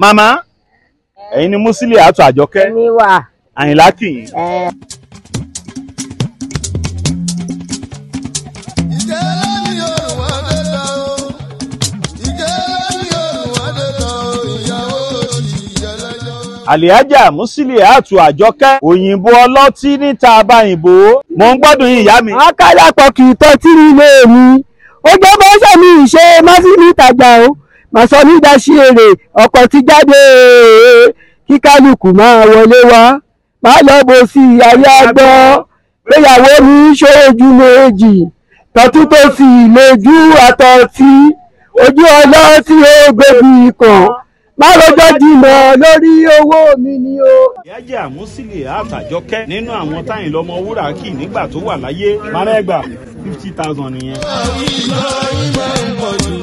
Mama! ẹ̀yin ni Musiliat Àjọkẹ́ kì yín. àlìájà Musiliat Àjọkẹ́ òyìnbó ọlọ́tí níta abáyìnbó mò ń gbádùn yín ìyá mi. akálàpọ̀ kì í tọ́tí nílé mi ó mi ma màsọ nígbà sí èrè ọkọ̀ ti jáde kí kálukú máa wọlé wá máa lọ bó sí ayé àgbọ́ gbéyàwó mi ṣojú méjì tọ́tún tó sì lójú àtọ̀tí ojú ọlọ́tí ó gbèbí kan lárọjọ jìnnà lórí owó mi ni o. ìyájà àmúsílẹ̀ àtàjọkẹ́ nínú àwọn táyìn lọ́mọ wúrà kì nígbà tó wà láyé márẹ́gbà fifty thousand nìyẹn.